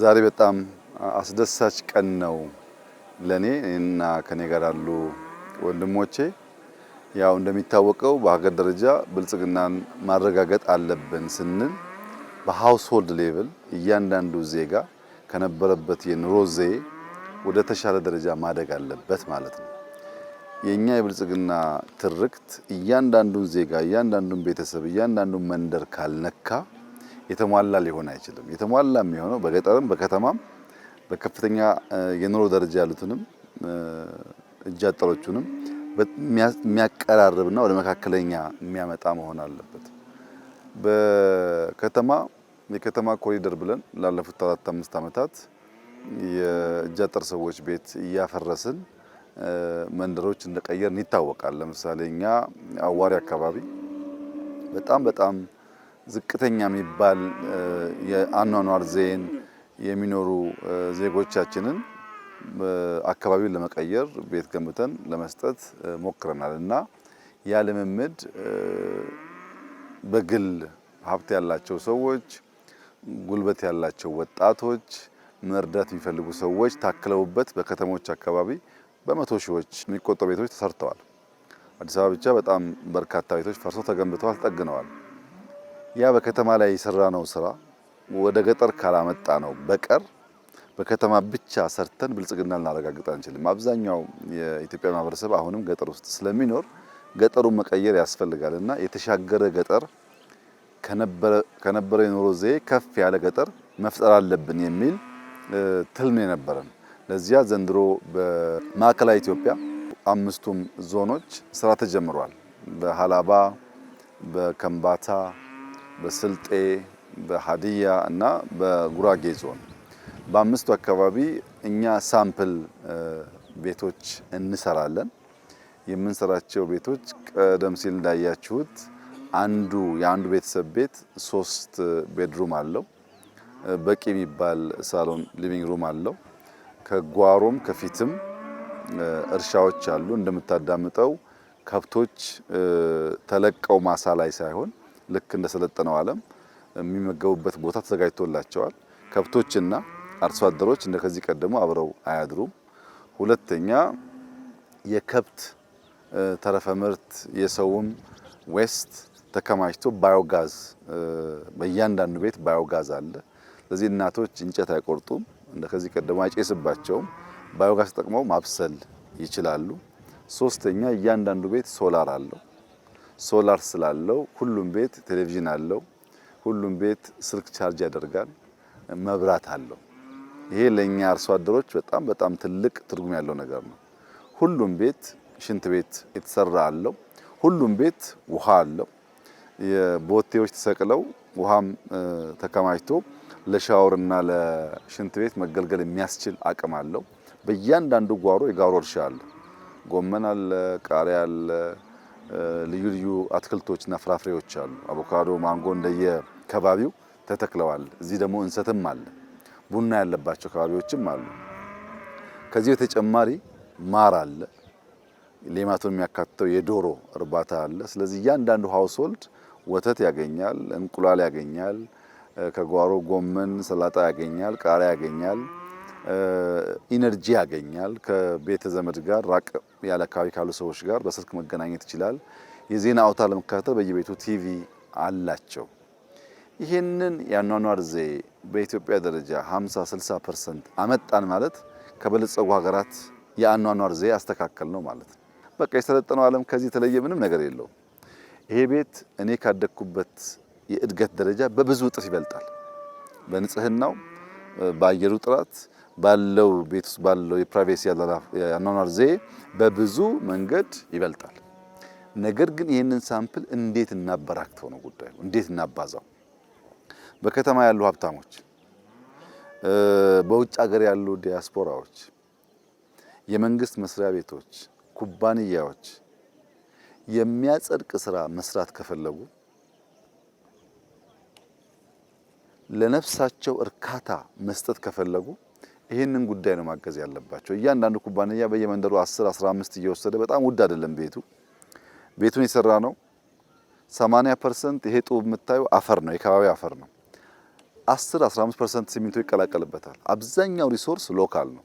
ዛሬ በጣም አስደሳች ቀን ነው ለኔ እና ከኔ ጋር ያሉ ወንድሞቼ። ያው እንደሚታወቀው በሀገር ደረጃ ብልጽግናን ማረጋገጥ አለብን ስንል በሃውስሆልድ ሌቭል እያንዳንዱ ዜጋ ከነበረበት የኑሮ ዘዬ ወደ ተሻለ ደረጃ ማደግ አለበት ማለት ነው። የእኛ የብልጽግና ትርክት እያንዳንዱን ዜጋ፣ እያንዳንዱን ቤተሰብ፣ እያንዳንዱን መንደር ካልነካ የተሟላ ሊሆን አይችልም። የተሟላ የሚሆነው በገጠርም በከተማም በከፍተኛ የኑሮ ደረጃ ያሉትንም እጅ አጠሮቹንም የሚያቀራርብና ወደ መካከለኛ የሚያመጣ መሆን አለበት። በከተማ የከተማ ኮሪደር ብለን ላለፉት አራት አምስት ዓመታት የእጅ አጠር ሰዎች ቤት እያፈረስን መንደሮች እንደቀየርን ይታወቃል። ለምሳሌ እኛ አዋሪ አካባቢ በጣም በጣም ዝቅተኛ የሚባል የአኗኗር ዜን የሚኖሩ ዜጎቻችንን አካባቢውን ለመቀየር ቤት ገንብተን ለመስጠት ሞክረናል እና ያ ልምምድ በግል ሀብት ያላቸው ሰዎች፣ ጉልበት ያላቸው ወጣቶች፣ መርዳት የሚፈልጉ ሰዎች ታክለውበት በከተሞች አካባቢ በመቶ ሺዎች የሚቆጠሩ ቤቶች ተሰርተዋል። አዲስ አበባ ብቻ በጣም በርካታ ቤቶች ፈርሶ ተገንብተዋል፣ ተጠግነዋል። ያ በከተማ ላይ የሰራ ነው ስራ ወደ ገጠር ካላመጣ ነው በቀር በከተማ ብቻ ሰርተን ብልጽግና ልናረጋግጥ አንችልም። አብዛኛው የኢትዮጵያ ማህበረሰብ አሁንም ገጠር ውስጥ ስለሚኖር ገጠሩን መቀየር ያስፈልጋል እና የተሻገረ ገጠር ከነበረ የኑሮ ዘዬ ከፍ ያለ ገጠር መፍጠር አለብን የሚል ትልም የነበረን። ለዚያ ዘንድሮ በማዕከላዊ ኢትዮጵያ አምስቱም ዞኖች ስራ ተጀምሯል። በሀላባ፣ በከምባታ በስልጤ በሀዲያ እና በጉራጌ ዞን በአምስቱ አካባቢ እኛ ሳምፕል ቤቶች እንሰራለን። የምንሰራቸው ቤቶች ቀደም ሲል እንዳያችሁት አንዱ የአንዱ ቤተሰብ ቤት ሶስት ቤድሩም አለው። በቂ የሚባል ሳሎን ሊቪንግ ሩም አለው። ከጓሮም ከፊትም እርሻዎች አሉ። እንደምታዳምጠው ከብቶች ተለቀው ማሳ ላይ ሳይሆን ልክ እንደሰለጠነው ዓለም የሚመገቡበት ቦታ ተዘጋጅቶላቸዋል። ከብቶችና አርሶ አደሮች እንደ ከዚህ ቀደሙ አብረው አያድሩም። ሁለተኛ የከብት ተረፈ ምርት የሰውም ዌስት ተከማችቶ ባዮጋዝ በእያንዳንዱ ቤት ባዮጋዝ አለ። ስለዚህ እናቶች እንጨት አይቆርጡም፣ እንደ ከዚህ ቀደሙ አይጨስባቸውም። ባዮጋዝ ተጠቅመው ማብሰል ይችላሉ። ሶስተኛ እያንዳንዱ ቤት ሶላር አለው። ሶላር ስላለው ሁሉም ቤት ቴሌቪዥን አለው። ሁሉም ቤት ስልክ ቻርጅ ያደርጋል፣ መብራት አለው። ይሄ ለኛ አርሶ አደሮች በጣም በጣም ትልቅ ትርጉም ያለው ነገር ነው። ሁሉም ቤት ሽንት ቤት የተሰራ አለው። ሁሉም ቤት ውሃ አለው። የቦቴዎች ተሰቅለው ውሃም ተከማችቶ ለሻወርና ለሽንት ቤት መገልገል የሚያስችል አቅም አለው። በእያንዳንዱ ጓሮ የጋሮ እርሻ አለ። ጎመን አለ፣ ቃሪያ አለ ልዩ ልዩ አትክልቶችና ፍራፍሬዎች አሉ። አቮካዶ፣ ማንጎ እንደየ ከባቢው ተተክለዋል። እዚህ ደግሞ እንሰትም አለ፣ ቡና ያለባቸው ከባቢዎችም አሉ። ከዚህ በተጨማሪ ማር አለ፣ ሌማቱን የሚያካትተው የዶሮ እርባታ አለ። ስለዚህ እያንዳንዱ ሀውስሆልድ ወተት ያገኛል፣ እንቁላል ያገኛል፣ ከጓሮ ጎመን፣ ሰላጣ ያገኛል፣ ቃሪያ ያገኛል። ኢነርጂ ያገኛል። ከቤተ ዘመድ ጋር ራቅ ያለ አካባቢ ካሉ ሰዎች ጋር በስልክ መገናኘት ይችላል። የዜና አውታር ለመከታተል በየቤቱ ቲቪ አላቸው። ይህንን የአኗኗር ዜ በኢትዮጵያ ደረጃ 50 60 ፐርሰንት አመጣን ማለት ከበለጸጉ ሀገራት የአኗኗር ዜ አስተካከል ነው ማለት ነው። በቃ የሰለጠነው ዓለም ከዚህ የተለየ ምንም ነገር የለውም። ይሄ ቤት እኔ ካደግኩበት የእድገት ደረጃ በብዙ እጥፍ ይበልጣል። በንጽህናው፣ በአየሩ ጥራት ባለው ቤት ውስጥ ባለው የፕራይቬሲ አኗኗር ዘዬ በብዙ መንገድ ይበልጣል። ነገር ግን ይህንን ሳምፕል እንዴት እናበራክተው ነው ጉዳዩ፣ እንዴት እናባዛው? በከተማ ያሉ ሀብታሞች፣ በውጭ ሀገር ያሉ ዲያስፖራዎች፣ የመንግስት መስሪያ ቤቶች፣ ኩባንያዎች የሚያጸድቅ ስራ መስራት ከፈለጉ ለነፍሳቸው እርካታ መስጠት ከፈለጉ ይህንን ጉዳይ ነው ማገዝ ያለባቸው። እያንዳንዱ ኩባንያ በየመንደሩ 10 15 እየወሰደ በጣም ውድ አይደለም ቤቱ ቤቱን የሰራ ነው። 80 ፐርሰንት ይሄ ጡብ የምታዩ አፈር ነው፣ የከባቢ አፈር ነው። 10 15 ፐርሰንት ሲሚንቶ ይቀላቀልበታል። አብዛኛው ሪሶርስ ሎካል ነው።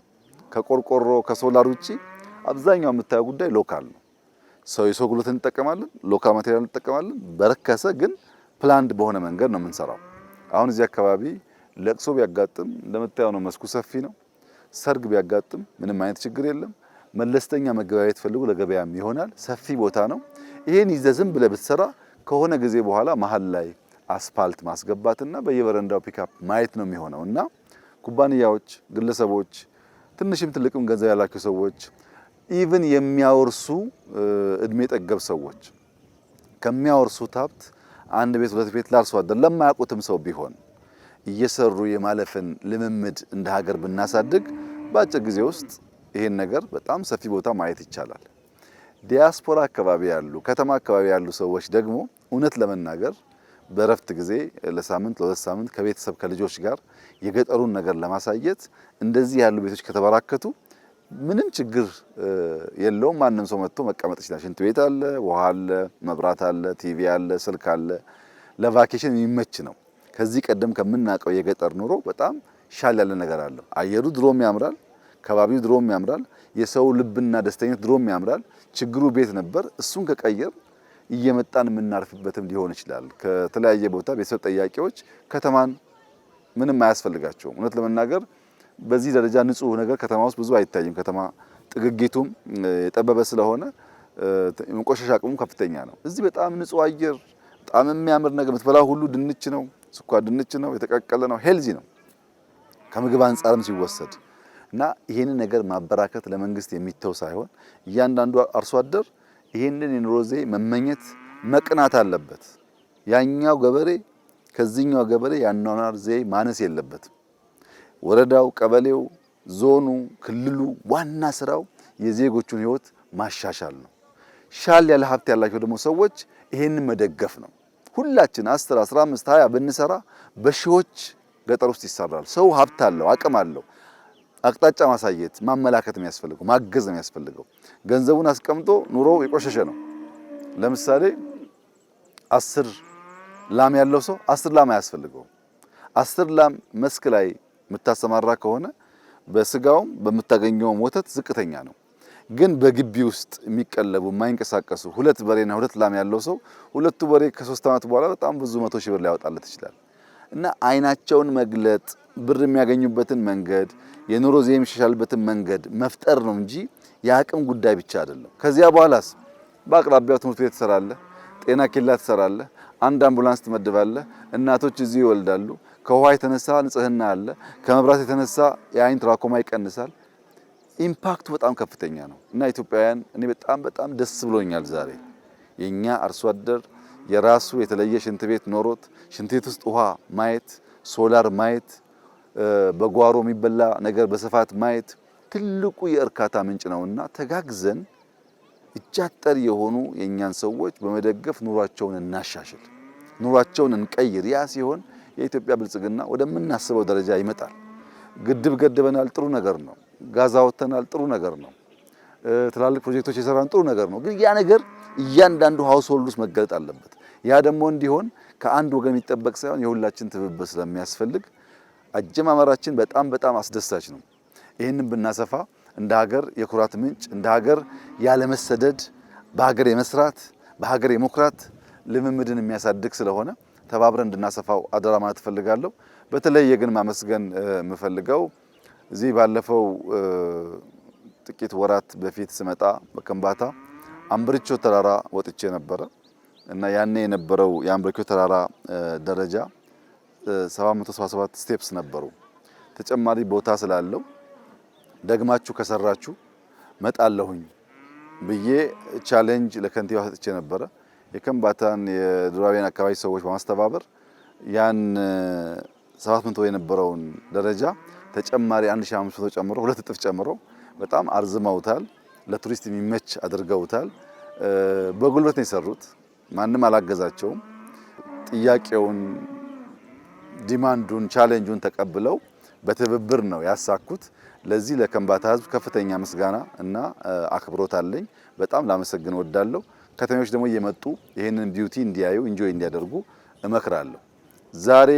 ከቆርቆሮ ከሶላር ውጪ አብዛኛው የምታየው ጉዳይ ሎካል ነው። ሰው የሰው ጉልበት እንጠቀማለን፣ ሎካል ማቴሪያል እንጠቀማለን። በረከሰ ግን ፕላንድ በሆነ መንገድ ነው የምንሰራው። አሁን እዚህ አካባቢ ለቅሶ ቢያጋጥም እንደምታየው ነው፣ መስኩ ሰፊ ነው። ሰርግ ቢያጋጥም ምንም አይነት ችግር የለም። መለስተኛ መገበያየት ፈልጉ፣ ለገበያም ይሆናል። ሰፊ ቦታ ነው። ይሄን ይዘ ዝም ብለህ ብትሰራ ከሆነ ጊዜ በኋላ መሀል ላይ አስፓልት ማስገባትና በየበረንዳው ፒካፕ ማየት ነው የሚሆነው እና ኩባንያዎች፣ ግለሰቦች፣ ትንሽም ትልቅም ገንዘብ ያላቸው ሰዎች ኢቭን የሚያወርሱ እድሜ ጠገብ ሰዎች ከሚያወርሱት ሀብት አንድ ቤት ሁለት ቤት ላርሶ አደር ለማያውቁትም ሰው ቢሆን እየሰሩ የማለፍን ልምምድ እንደ ሀገር ብናሳድግ በአጭር ጊዜ ውስጥ ይሄን ነገር በጣም ሰፊ ቦታ ማየት ይቻላል። ዲያስፖራ አካባቢ ያሉ ከተማ አካባቢ ያሉ ሰዎች ደግሞ እውነት ለመናገር በእረፍት ጊዜ ለሳምንት ለሁለት ሳምንት ከቤተሰብ ከልጆች ጋር የገጠሩን ነገር ለማሳየት እንደዚህ ያሉ ቤቶች ከተበራከቱ ምንም ችግር የለውም። ማንም ሰው መጥቶ መቀመጥ ይችላል። ሽንት ቤት አለ፣ ውሃ አለ፣ መብራት አለ፣ ቲቪ አለ፣ ስልክ አለ። ለቫኬሽን የሚመች ነው። ከዚህ ቀደም ከምናውቀው የገጠር ኑሮ በጣም ሻል ያለ ነገር አለው። አየሩ ድሮም ያምራል፣ ከባቢው ድሮም ያምራል፣ የሰው ልብና ደስተኝነት ድሮም ያምራል። ችግሩ ቤት ነበር። እሱን ከቀየር እየመጣን የምናርፍበትም ሊሆን ይችላል። ከተለያየ ቦታ ቤተሰብ ጠያቂዎች ከተማን ምንም አያስፈልጋቸውም። እውነት ለመናገር በዚህ ደረጃ ንጹህ ነገር ከተማ ውስጥ ብዙ አይታይም። ከተማ ጥግጊቱም የጠበበ ስለሆነ የመቆሻሻ አቅሙ ከፍተኛ ነው። እዚህ በጣም ንጹህ አየር በጣም የሚያምር ነገር የምትበላ ሁሉ ድንች ነው፣ ስኳር ድንች ነው፣ የተቀቀለ ነው፣ ሄልዚ ነው ከምግብ አንጻርም ሲወሰድ እና ይህንን ነገር ማበራከት ለመንግስት የሚተው ሳይሆን እያንዳንዱ አርሶ አደር ይሄንን የኑሮ ዘዬ መመኘት መቅናት አለበት። ያኛው ገበሬ ከዚህኛው ገበሬ ያኗኗር ዘዬ ማነስ የለበትም። ወረዳው፣ ቀበሌው፣ ዞኑ፣ ክልሉ ዋና ስራው የዜጎቹን ህይወት ማሻሻል ነው። ሻል ያለ ሀብት ያላቸው ደግሞ ሰዎች ይሄንን መደገፍ ነው። ሁላችን 10፣ 15፣ 20 ብንሰራ በሺዎች ገጠር ውስጥ ይሰራል። ሰው ሀብት አለው፣ አቅም አለው። አቅጣጫ ማሳየት ማመላከት የሚያስፈልገው ማገዝ ነው የሚያስፈልገው። ገንዘቡን አስቀምጦ ኑሮ የቆሸሸ ነው። ለምሳሌ አስር ላም ያለው ሰው አስር ላም አያስፈልገውም። አስር ላም መስክ ላይ የምታሰማራ ከሆነ በስጋውም በምታገኘውም ወተት ዝቅተኛ ነው። ግን በግቢ ውስጥ የሚቀለቡ የማይንቀሳቀሱ ሁለት በሬና ሁለት ላም ያለው ሰው ሁለቱ በሬ ከሶስት ዓመት በኋላ በጣም ብዙ መቶ ሺህ ብር ሊያወጣለት ይችላል። እና አይናቸውን መግለጥ ብር የሚያገኙበትን መንገድ የኑሮ ዜ የሚሻሻልበትን መንገድ መፍጠር ነው እንጂ የአቅም ጉዳይ ብቻ አይደለም። ከዚያ በኋላስ በአቅራቢያው ትምህርት ቤት ትሰራለህ፣ ጤና ኬላ ትሰራለህ፣ አንድ አምቡላንስ ትመድባለህ። እናቶች እዚሁ ይወልዳሉ። ከውሃ የተነሳ ንጽህና አለ። ከመብራት የተነሳ የአይን ትራኮማ ይቀንሳል። ኢምፓክቱ በጣም ከፍተኛ ነው እና ኢትዮጵያውያን እኔ በጣም በጣም ደስ ብሎኛል። ዛሬ የእኛ አርሶ አደር የራሱ የተለየ ሽንት ቤት ኖሮት ሽንት ቤት ውስጥ ውሃ ማየት፣ ሶላር ማየት፣ በጓሮ የሚበላ ነገር በስፋት ማየት ትልቁ የእርካታ ምንጭ ነውና ተጋግዘን እጃጠር የሆኑ የእኛን ሰዎች በመደገፍ ኑሯቸውን እናሻሽል፣ ኑሯቸውን እንቀይር። ያ ሲሆን የኢትዮጵያ ብልጽግና ወደምናስበው ደረጃ ይመጣል። ግድብ ገድበናል፣ ጥሩ ነገር ነው። ጋዛ ወጥተናል። ጥሩ ነገር ነው። ትላልቅ ፕሮጀክቶች የሰራን ጥሩ ነገር ነው። ግን ያ ነገር እያንዳንዱ ሀውስሆልድ ውስጥ መገለጥ አለበት። ያ ደግሞ እንዲሆን ከአንድ ወገን የሚጠበቅ ሳይሆን የሁላችን ትብብር ስለሚያስፈልግ አጀማመራችን በጣም በጣም አስደሳች ነው። ይህንን ብናሰፋ እንደ ሀገር የኩራት ምንጭ እንደ ሀገር ያለመሰደድ በሀገር የመስራት በሀገር የመኩራት ልምምድን የሚያሳድግ ስለሆነ ተባብረን እንድናሰፋው አደራ ማለት እፈልጋለሁ። በተለየ ግን ማመስገን የምፈልገው እዚህ ባለፈው ጥቂት ወራት በፊት ስመጣ በከምባታ አምብርቾ ተራራ ወጥቼ ነበረ እና ያኔ የነበረው የአምብሪቾ ተራራ ደረጃ 777 ስቴፕስ ነበሩ። ተጨማሪ ቦታ ስላለው ደግማችሁ ከሰራችሁ መጣለሁኝ ብዬ ቻሌንጅ ለከንቲባ ሰጥቼ ነበረ። የከምባታን የዱራቤን አካባቢ ሰዎች በማስተባበር ያን 700 የነበረውን ደረጃ ተጨማሪ 1500 ጨምሮ ሁለት እጥፍ ጨምሮ በጣም አርዝመውታል። ለቱሪስት የሚመች አድርገውታል። በጉልበት ነው የሰሩት። ማንም አላገዛቸውም። ጥያቄውን፣ ዲማንዱን፣ ቻሌንጁን ተቀብለው በትብብር ነው ያሳኩት። ለዚህ ለከምባታ ህዝብ ከፍተኛ ምስጋና እና አክብሮት አለኝ። በጣም ላመሰግን ወዳለሁ። ከተሞች ደግሞ እየመጡ ይህንን ቢዩቲ እንዲያዩ ኢንጆይ እንዲያደርጉ እመክራለሁ። ዛሬ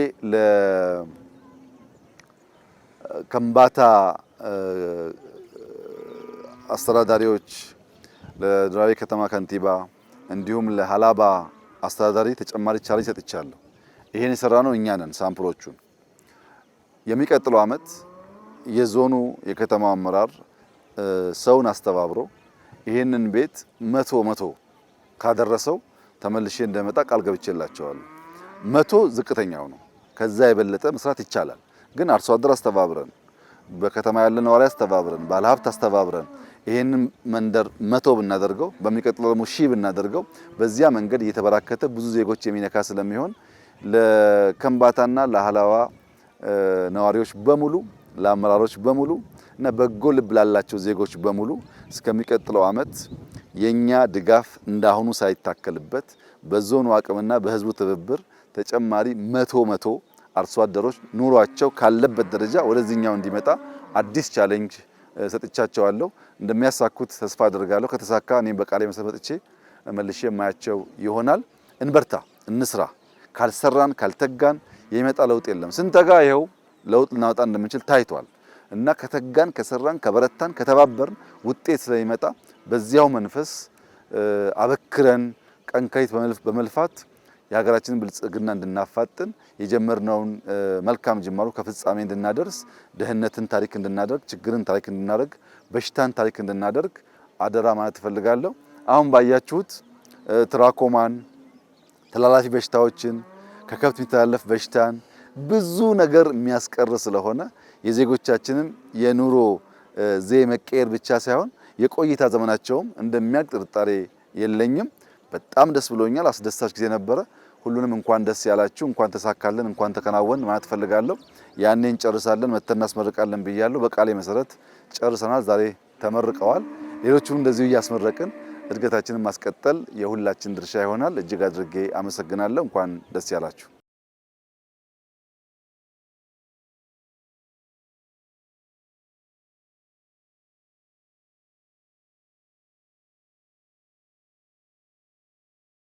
ከምባታ አስተዳዳሪዎች ለዱራሜ ከተማ ከንቲባ እንዲሁም ለሀላባ አስተዳዳሪ ተጨማሪ ቻሌንጅ ሰጥቻለሁ። ይሄን የሰራ ነው እኛ ነን ሳምፕሎቹን። የሚቀጥለው አመት የዞኑ አመራር ሰውን አስተባብሮ ይሄንን ቤት መቶ መቶ ካደረሰው ተመልሼ እንደመጣ ቃል ገብቼላቸዋለሁ። መቶ ዝቅተኛው ነው። ከዛ የበለጠ መስራት ይቻላል። ግን አርሶ አደር አስተባብረን፣ በከተማ ያለ ነዋሪ አስተባብረን፣ ባለሀብት አስተባብረን ይሄንን መንደር መቶ ብናደርገው በሚቀጥለው ደግሞ ሺህ ብናደርገው በዚያ መንገድ እየተበራከተ ብዙ ዜጎች የሚነካ ስለሚሆን ለከንባታና ለሀላዋ ነዋሪዎች በሙሉ ለአመራሮች በሙሉ እና በጎ ልብ ላላቸው ዜጎች በሙሉ እስከሚቀጥለው ዓመት የኛ ድጋፍ እንዳሁኑ ሳይታከልበት በዞኑ አቅምና በህዝቡ ትብብር ተጨማሪ መቶ መቶ አርሶ አደሮች ኑሯቸው ካለበት ደረጃ ወደዚህኛው እንዲመጣ አዲስ ቻሌንጅ ሰጥቻቸዋለሁ። እንደሚያሳኩት ተስፋ አድርጋለሁ። ከተሳካ እኔም በቃሌ መሰረት መጥቼ መልሼ የማያቸው ይሆናል። እንበርታ፣ እንስራ። ካልሰራን ካልተጋን የሚመጣ ለውጥ የለም። ስንተጋ ይኸው ለውጥ ልናወጣ እንደምንችል ታይቷል እና ከተጋን፣ ከሰራን፣ ከበረታን፣ ከተባበርን ውጤት ስለሚመጣ በዚያው መንፈስ አበክረን ቀንካይት በመልፋት የሀገራችንን ብልጽግና እንድናፋጥን የጀመርነውን መልካም ጅማሮ ከፍጻሜ እንድናደርስ ድህነትን ታሪክ እንድናደርግ ችግርን ታሪክ እንድናደርግ በሽታን ታሪክ እንድናደርግ አደራ ማለት እፈልጋለሁ። አሁን ባያችሁት ትራኮማን፣ ተላላፊ በሽታዎችን፣ ከከብት የሚተላለፍ በሽታን ብዙ ነገር የሚያስቀር ስለሆነ የዜጎቻችንን የኑሮ ዜ መቀየር ብቻ ሳይሆን የቆይታ ዘመናቸውም እንደሚያልቅ ጥርጣሬ የለኝም። በጣም ደስ ብሎኛል። አስደሳች ጊዜ ነበረ። ሁሉንም እንኳን ደስ ያላችሁ፣ እንኳን ተሳካልን፣ እንኳን ተከናወን ማለት ፈልጋለሁ። ያኔ እንጨርሳለን መተን እናስመርቃለን ብያለሁ። በቃሌ መሰረት ጨርሰናል። ዛሬ ተመርቀዋል። ሌሎቹም እንደዚሁ እያስመረቅን እድገታችንን ማስቀጠል የሁላችን ድርሻ ይሆናል። እጅግ አድርጌ አመሰግናለሁ። እንኳን ደስ ያላችሁ።